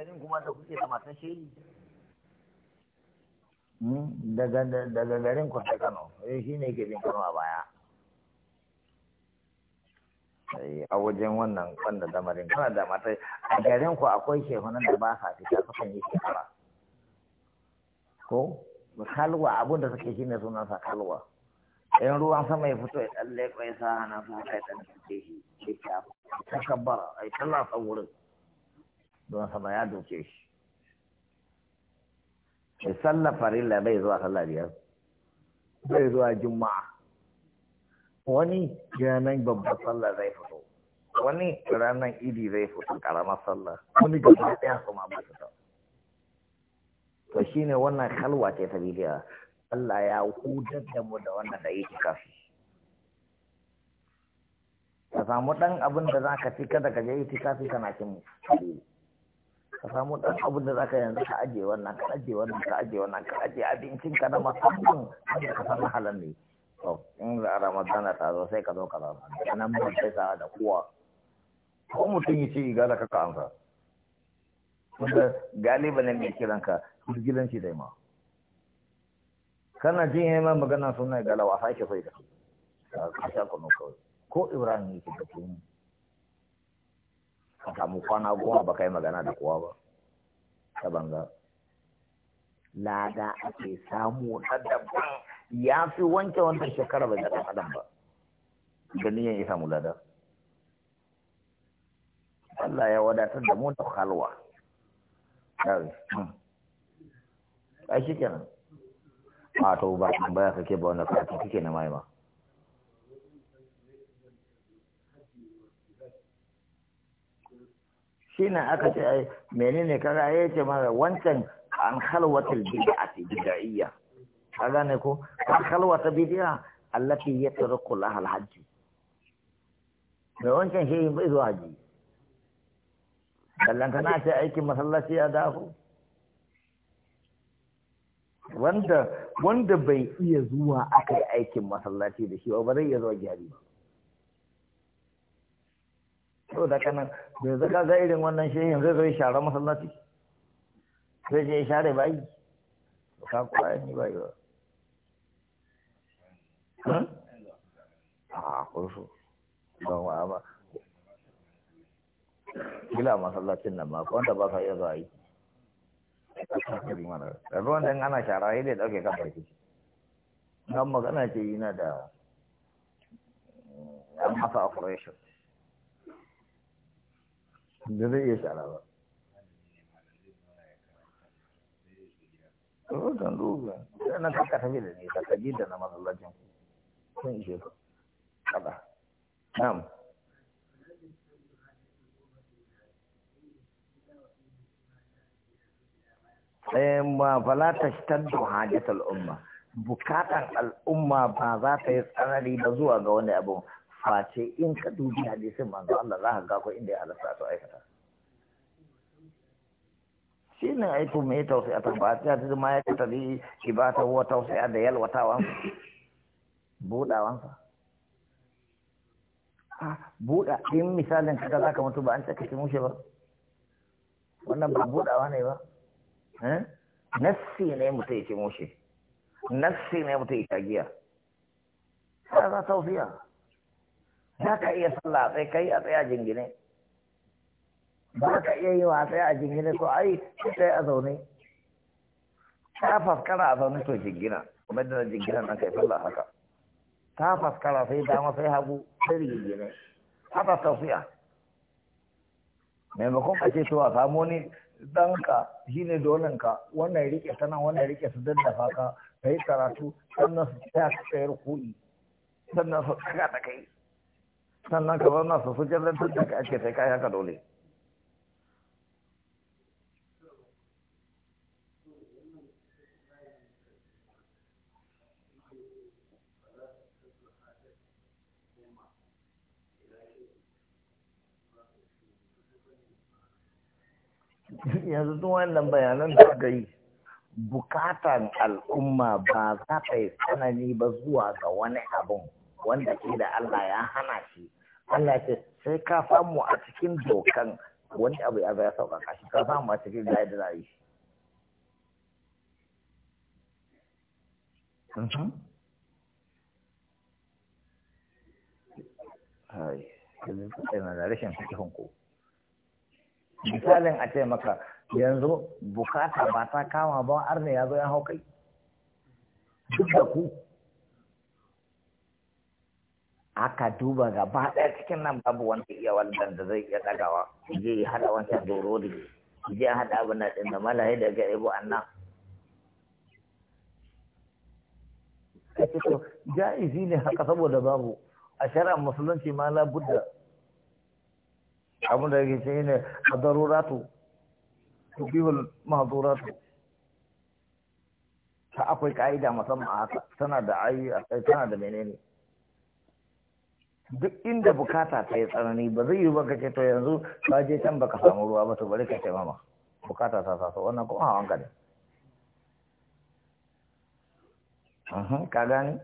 irin kuma da kuke da matan shehi hmm, daga garin ku ta Kano eh shi ne ke bin Kano a baya eh, a wajen wannan wanda damarin kana da matai a garin ku akwai shehunan da ba sa fita kan yi shekara ko kalwa abinda suke suke ne sunan sa kalwa in ruwan sama ya fito ya tsalle ko ya sa hana ɗan ɗan ya tsalle shi ya ta kabbara ai sallah a wurin don sama ya doke shi mai sallah farilla bai zuwa sallar biyar bai zuwa juma'a wani ranar babbar sallah zai fito wani ranar idi zai fito karamar sallah wani gaba ɗaya ma ba su to shine wannan kalwa ce ta bidiya Allah ya hudar da mu da wannan da yake kafi ka samu ɗan abin da za ka fi, kada ka je itikafi kana cin mu ka samu ɗan abin da zaka yanzu ka ajiye wannan ka ajiye wannan ka ajiye wannan ka ajiye abincin ka na musamman wanda ka san halal ne to in ramadana ta zo sai ka zo ka zama nan ba sai sa da kuwa. ko mutum ya ce ga da ka kansa wanda galiba ne mai kiran ka gidanci dai ma kana jin yayi ma magana suna galawa sake sai da ka sha kunu kawai ko ibrahim yake da kuma ka samu kwana goma ba kai magana da kowa ba ta banga lada ake samu na ya fi wanke wanda shekara bai zaɗa adam ba ganin yan isa lada, Allah ya wadatar da mota halwa a hmm. shi kenan a to ba ka kake ba wanda kake na mai ma shi ne aka ce ai menene kaga ya ce mara wancan an a bid'ati bid'iyya ka gane ko an halwata bid'a allati yatruku laha al-hajj mai wancan shi bai zuwa haji kallan kana ce aikin masallaci ya dafu wanda wanda bai iya zuwa yi aikin masallaci da shi ba zai iya zuwa jihari ba sau da kanan bai zaka ga irin wannan shehin zai zai share masallaci zai je share bayi ka kwaya ni bayi ba hmm? a kursu don wa ba kila masallacin nan ma wanda ba sa iya zuwa yi rabu wanda ana shara yi da dauke kan farki don magana ce yana da an masa operation da zai iya shara ba Rokan ruga, na kaka tafi da nisa, ka da na masallacin ku, sun ishe ka, kada. Na'am. Eh, ma fala tashtaddu hajatul umma bukatan al'umma ba za ta yi tsanani da zuwa ga wani abu face in ka dubi hadisin manzo Allah za ka ga ko inda ya halatta to aikata shi ne aiko mai tausayi ta ba ta ta ma ya ta bi ki ba ta wa tausaya da yalwatawan budawan a buda in misalin kaga ka mutu ba an saka ki mushe ba wannan ba budawa ne ba eh nassi ne mutu ya ci mushe nassi ne mutu ya giya ta tausayi? za ka iya sallah a tsaye kai a tsaye a jingine ba ka iya yi wa a tsaye a jingine ko ai sai a zaune ta faskara a zaune to jingina kuma da jingina nan kai sallah haka ta faskara sai dama sai hagu sai rigingine haka tafiya maimakon ka ce to a samu ne ka shi ne dolinka wannan rike ta nan wannan rike su daddafa ka ka yi karatu sannan su ta tsayar kuɗi sannan su kaka ta kai sannan ka zauna su su jallantar da ake sai kaya haka dole yanzu duk wannan bayanan da aka yi bukatan al'umma ba za ta yi tsanani ba zuwa ga wani abin wanda ke da Allah ya hana shi Allah ya ce sai ka samu a cikin dokan wani abu ya zai sauƙaƙa shi ka samu a cikin da da zai shi mhm. misalin a ce maka yanzu bukata ba ta kama ba arne ya zo ya hau kai duk da ku aka duba gaba ɗaya cikin nan babu wanda iya wannan da zai iya dagawa. je ya haɗa wancan doro da je ya haɗa abin nan da malaye da ga ibu annan ka ce to ne haka saboda babu a shari'ar musulunci ma la budda abin da yake ce ne a daruratu tubihul mahzuratu ta akwai ka'ida musamman a haka tana da ayi tana da menene duk inda bukata ta yi tsanani ba zai yi baka ce to yanzu ka je can baka samu ruwa ba to bari ka ce mama bukata ta sa wannan kuma hawan gani ne ka gani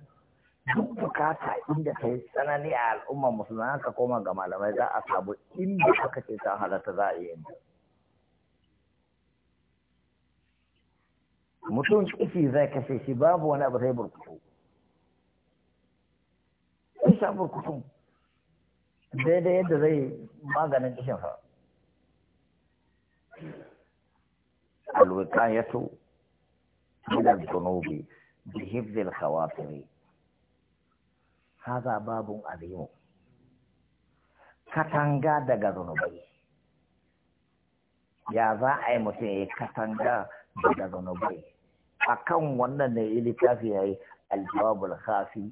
duk bukata inda ta yi tsanani a al'umma musulman ka koma ga malamai za a sabu inda aka ce ta halatta za a yi yanzu mutum ciki zai kashe shi babu wani abu sai burkutu. Sai sha burkutun. daidai yadda zai maganin fa alwiqayatu min al-dhunubi bi hifdhi al-khawatir hadha babun azim katanga daga zunubai ya za a yi mutum ya yi katanga daga zunubai kan wannan ne littafi ya yi aljawabul khafi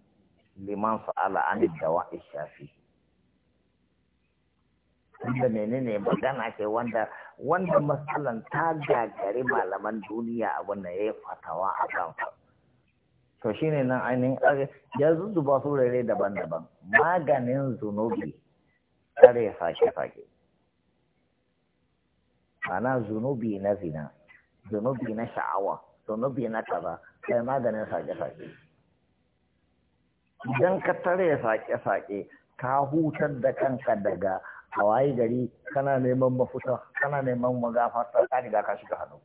liman sa'ala an dawa'i shafi wanda menene magana ce wanda wanda matsalan ta gagari malaman duniya abin da ya yi fatawa a kan to shi ne nan ainihin ya ba su rere daban-daban maganin zunubi ya fake-fake ana zunubi na zina zunubi na sha'awa zunubi na kaza sai maganin fake-fake idan ka tare fake-fake ka hutar da kanka daga a wayi gari kana neman mafuta kana neman magafarta ka riga ka shiga hannu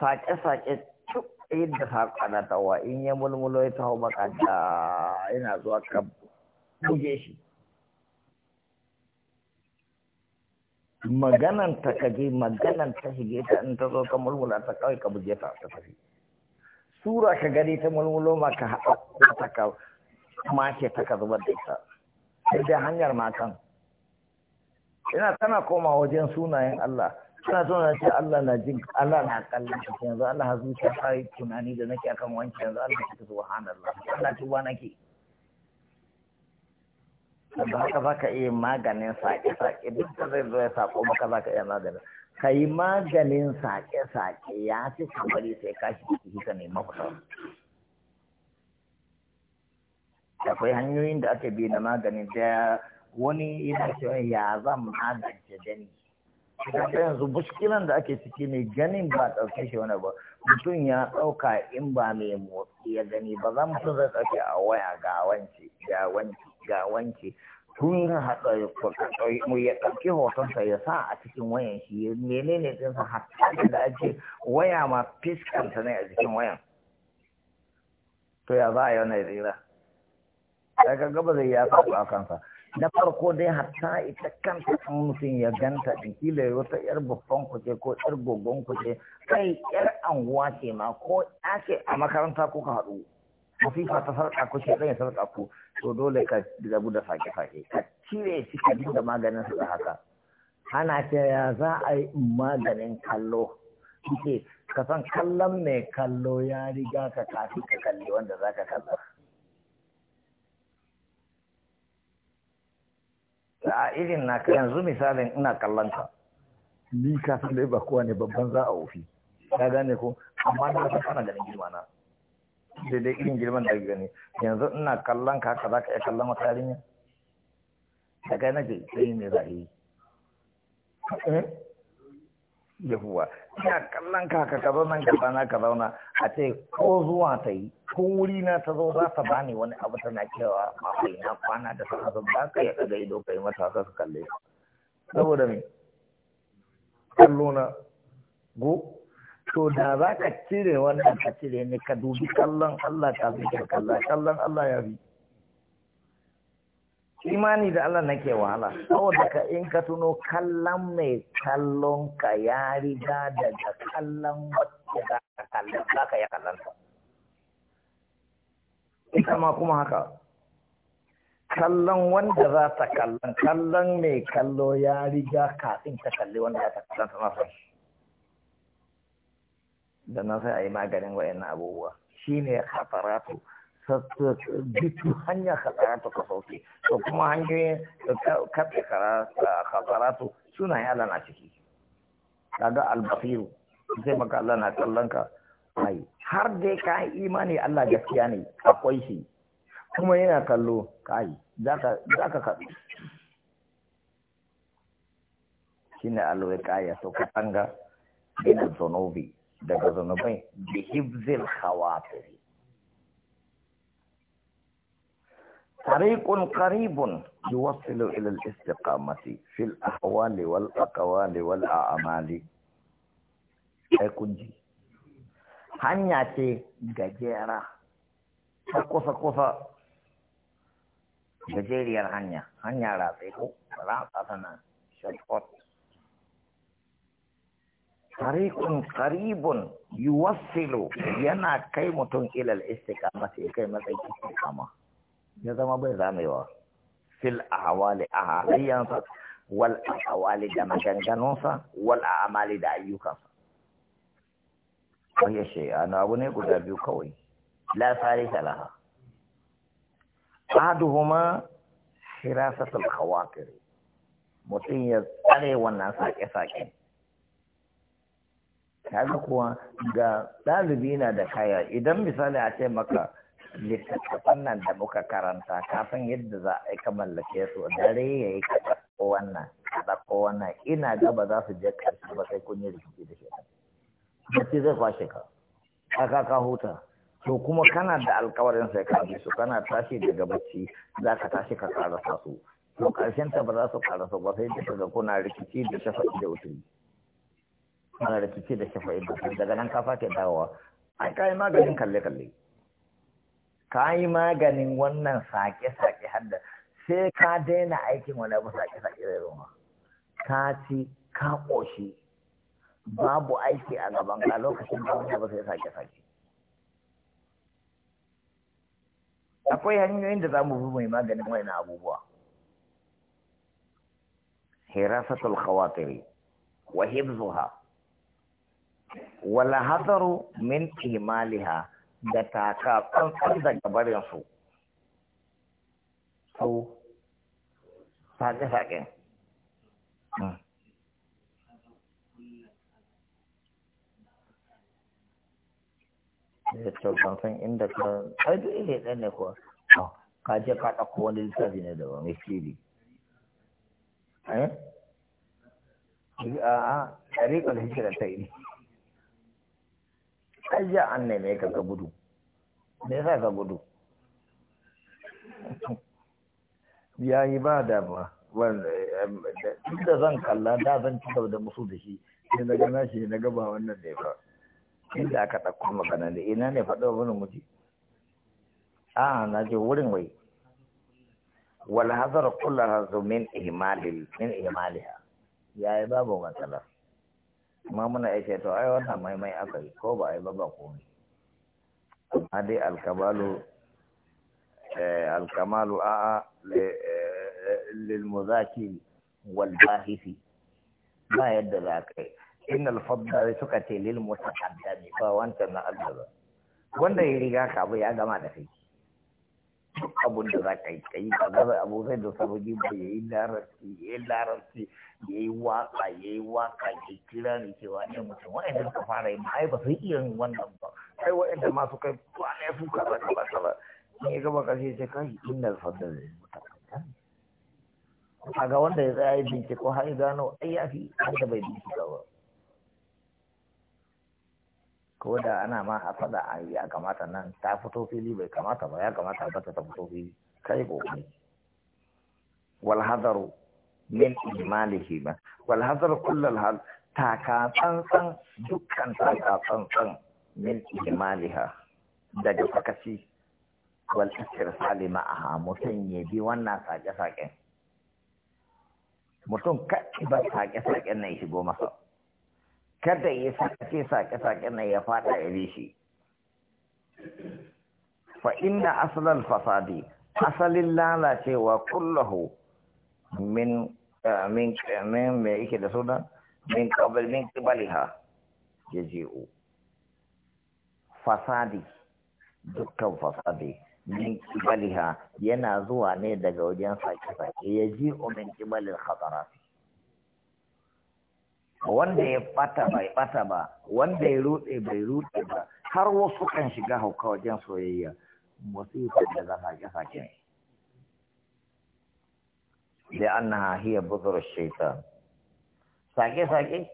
sake-sake cuk yadda saƙana tawa in ya mulmulo ya taho maka da ina zuwa ka buge shi maganan ta kaje maganan ta shige ta in ta zo ka mulmula ta kawai ka buge ta ta tafi sura ka gani ta mulmulo maka haɗa ta ka mace ta ka zubar da ita sai dai hanyar makan ina tana koma wajen sunayen Allah suna zo na ce Allah na jin Allah na kallon shi yanzu Allah hazu ta sai tunani da nake akan wanki yanzu Allah ta subhanallah Allah tuba nake da haka za ka iya maganin sake-sake duk da zai zo ya sako maka zaka ka iya maganin ka yi maganin sake-sake ya ci kamari sai ka shi ciki ka nema kusa akwai hanyoyin da ake bi na maganin da wani yana cewa ya zan magance gani kuma yanzu muskilan da ake ciki ne ganin ba ɗauke shi wani ba mutum ya ɗauka in ba mai motsi ya gani ba za mutum zai ɗauke a waya ga wanci ga wanci ga wanci tun haɗa mu ya hoton hotonsa ya sa a cikin wayan shi menene ɗinsa hatta da ake waya ma fiskanta ne a cikin wayan to ya za a yi wani rira daga gaba zai ya faɗo a kansa na farko dai hatta ita kanta kan mutum ya ganta in kila wata yar babban kuje ko yar gogon kuje kai yar anguwa ce ma ko ya a makaranta kuka haɗu ko fifa ta sarƙa kuke ce zan sarƙa ku to dole ka rabu da sake-sake ka cire shi ka dinga maganin su da haka ana ce ya za a yi maganin kallo ka san kallon mai kallo ya riga ka kafi ka kalli wanda za ka kalla a irin na yanzu misalin ina kallon ka ni ka san dai ba kowa ne babban za a ofi ka gane ko amma na san kana ganin girma na daidai irin girman da gani yanzu ina kallon ka haka za ka iya kallon wata yarinya da kai nake sai ne za yi eh? yahuwa ina kallon kaka, ka ka zauna ka zauna ka zauna a ce ko zuwa ta yi ko wuri na ta zo za ta bani wani abu tana cewa mafi na kwana da sa azan Za ka ya kaga ido yi mata ka su kalle saboda me kallo na go to da za ka cire wannan ka cire ne ka dubi kallon Allah ka fi kalla kallon Allah ya fi imani da Allah nake wahala saboda ka in ka tuno kallon mai kallon ka ya riga daga kallon wacce za ka kallon za ka ya kallon ta ita ma kuma haka kallon wanda za ta kallon kallon mai kallo ya riga kafin ta kalli wanda za ta kallon ta nasa da na sai a yi maganin wa'yan abubuwa shine hataratu duk hanya khasaratu ka sauke to kuma hanyoyin karfe khasaratu suna yi Allah ciki kaga albasiru sai maka Allah na kallon ka har dai ka imani Allah gaskiya ne akwai shi kuma yana kallo kai zaka zaka kaɗu shine alwiqaya to ka tanga ina zunubi daga zunubai bi hibzil طريق قريب يوصل إلى الاستقامة في الأحوال والأقوال والأعمال أكنجي هنيا تي جاجيرا فقوصا قوصا جاجيريا هنيا هنيا لا تيكو شجفت طريق قريب يوصل ينا كيمة إلى الاستقامة كيمة الاستقامة ya zama bai zamewa fil ahwali ahaliyansa wal ahwali da maganganunsa wal amali da ayyukansa wani shi ana abu ne guda biyu kawai la salisa laha ahaduhuma hirasatul khawatir mutum ya tsare wannan sake-sake kaga kuwa ga ɗalibi na da kaya idan misali a ce maka littattafan nan da muka karanta kafin yadda za a yi ka mallake su dare ya yi ka ɗauko wannan ka ɗauko wannan ina ga ba za su je ƙarshe ba sai kun yi rikici da shi bacci zai kwashe ka aka ka huta to kuma kana da alkawarin sai ka bi su kana tashi daga bacci za ka tashi ka karasa su to ƙarshen ta ba za su karasa ba sai duka ga kuna rikici da shafa'i da wuturi kuna rikici da shafa'i da daga nan ka fake dawowa ai kai maganin kalle-kalle ka yi maganin wannan sake-sake hadda sai ka daina aikin wani abu sake-sake da roma ka ci ka ƙoshi babu aiki a gaban ka lokacin da wani abu sai sake-sake akwai hanyoyin da za mu bi mai maganin wani abubuwa hirasatul khawatiri wa hibzuha wala hadaru min imaliha da taka daga barin su hmm. eh, inda ka ɗan ne kuwa ka je ka ɗauko wani littafi ne da wani eh, eh a a tariƙar hijira ta yi ayya an neme ka ka gudu me yasa ka gudu ya yi ba da ba duk da zan kalla da zan ci gaba da musu da shi sai na gana shi na gaba wannan da ya ba inda aka ɗauko magana da ina ne faɗo wani mutu a na je wurin wai wal hazar kullu hazu min ihmalil min ihmaliha yayi babu matsala amma muna yake to ai wannan maimai aka yi ko ba a yi ba ba komai amma dai alkamalu eh, alkamalu a'a eh, lilmuzaki wal bahisi ba yadda za ka yi innal da suka ce lil mutaqaddami ba wancan na Allah ba wanda ya riga ka bai ya gama da kai duk abun da za ka yi kai ba za abu sai da sabuji ba yayi larabci yayi larabci ya yi waka ya yi waka ya kira ni cewa ne eh, mutum wa'anda suka fara yin ai ba su iya yin wannan ba ai wa'anda ma su kai ne su kaza kaza kaza in ya gaba kashe ce kai inda alfadar zai a ga wanda ya tsaya binciko har gano ai ya fi wanda bai bincika ba ko da ana ma a fada a yi ya kamata nan ta fito fili bai kamata ba ya kamata ba ta fito fili kai ko wal hadaru min imalihi ba wal hazar kullal hal taka tsantsan dukkan taka tsantsan min imaliha daga fakasi wal a ma'aha mutum ya bi wannan sake saƙen mutum kaɗi ba sake-saken nan shigo masa kada ya sake sake saƙen nan ya fada ya bi shi fa inna asalin fasadi asalin lalacewa kullahu min eh, min eh, min ما yake da suna min qabl fasadi dukkan fasadi min qibaliha yana zuwa ne daga wajen sake من قبل min wanda ya bata bai bata ba wanda ya rude bai rude ba har wasu kan shiga hauka wajen soyayya musifa da zama ya ne لأنها هي shaitan. Saƙe-saƙe,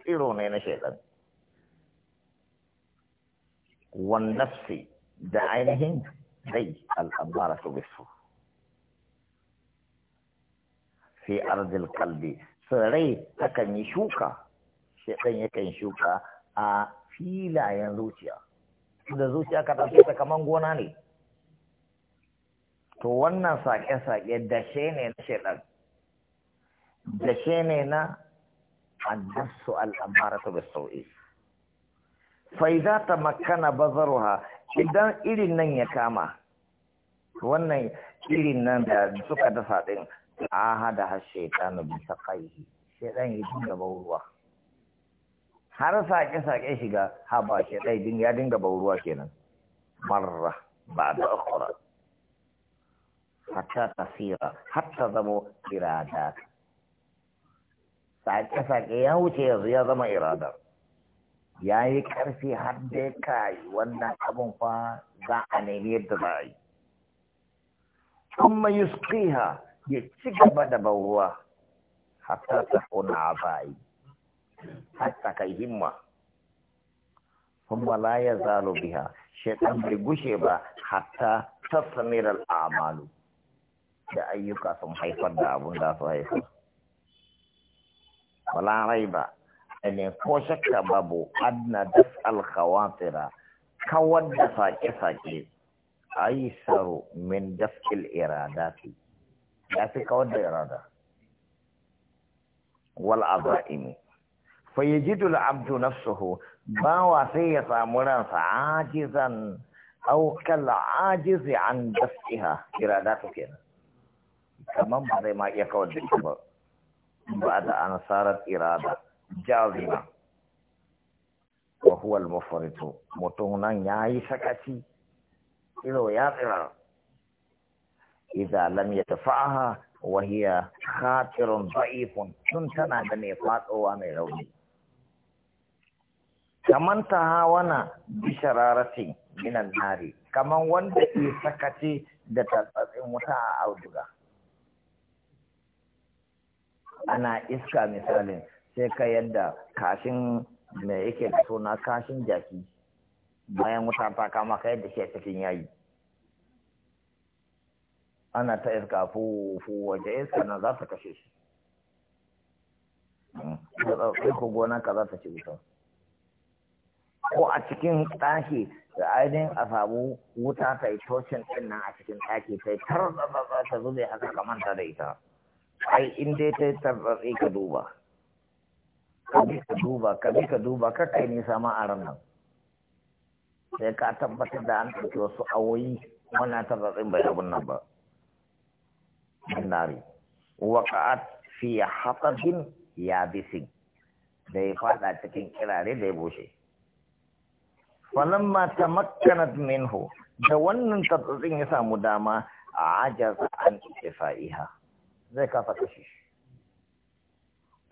tsiro ne na shaidan wan nafsi da ainihin zai al'amara su bisu fi arzil kalbi tsirrai takan yi shuka shaidan yakan shuka a filayen zuciya da zuciya ka ɗauke ta kaman gona ne to wannan saƙe-saƙe dashe ne na shaidan dashe ne na annasu al'amaratu da sau'i faiza ta makana bazaruha idan irin nan ya kama wannan irin nan da suka dasa ɗin aha da har shaitanu bisa kaihi shaitan ya dinga bauruwa har saƙe-saƙe shiga haba shaitan ya dinga bauruwa kenan marra ba da ukura hatta tasira hatta zamo irada sake-sake ya wuce yanzu ya zama irada ya yi ƙarfi har dai kai wannan abin fa za a nemi yadda za a yi kuma yusqiha ya ci gaba da bauruwa hatta ta kuna bai hatta kai himma kuma la ya zalo biha shekan bai gushe ba hatta ta tasmira al'amalu da ayyuka sun haifar da abun da su haifar wala rai ba ne ko shakka babu adna das alkhawatira kawar da sake-sake aisaru min daf'il iradati ya fi kawar da irada wal azaimi fa yajidu al-abdu nafsuhu ba wa sai ya samu ransa ajizan aw kal ajizi an daf'iha iradatu kenan kamar ba zai ma iya kawar da ita ba ba da sarar irada jazima wa huwa al-mufritu mutum nan yayi sakaci ido ya tsira idan lam yatafaha wa hiya khatirun da'ifun tun tana da mai fatsowa mai rauni kaman ta hawana bishararati minan nari kaman wanda ke sakaci da tatsatsin wuta a auduga ana iska misalin sai ka yadda kashin mai yake da suna kashin jaki bayan wuta ta kama ka yadda shi a cikin yayi ana ta iska fufu waje iska na za ta kashe shi sai ko gona ka za ta ci wuta ko a cikin ɗaki da ainihin a samu wuta ta yi tocin ɗin nan a cikin ɗaki ta yi tarzaza ta zube haka ta da ita ai in dai ta tarbatsi ka duba kabi ka duba kabi ka duba ka kai nisa ma a ranar sai ka tabbatar da an ɗauki wasu awoyi wannan tarbatsin bai abin nan ba nari waƙa'at fi hatsarin ya bisin da ya fada cikin kirare da ya bushe falamma tamakkanat minhu da wannan tabbacin ya samu dama a ajaza an fa'iha zai kafa kashi shi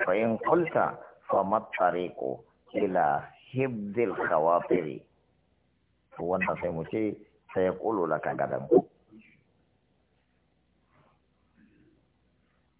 fa in qulta fa ko ila hibdil kawafiri to wannan sai mu ce sai ya kulo laka gadan ku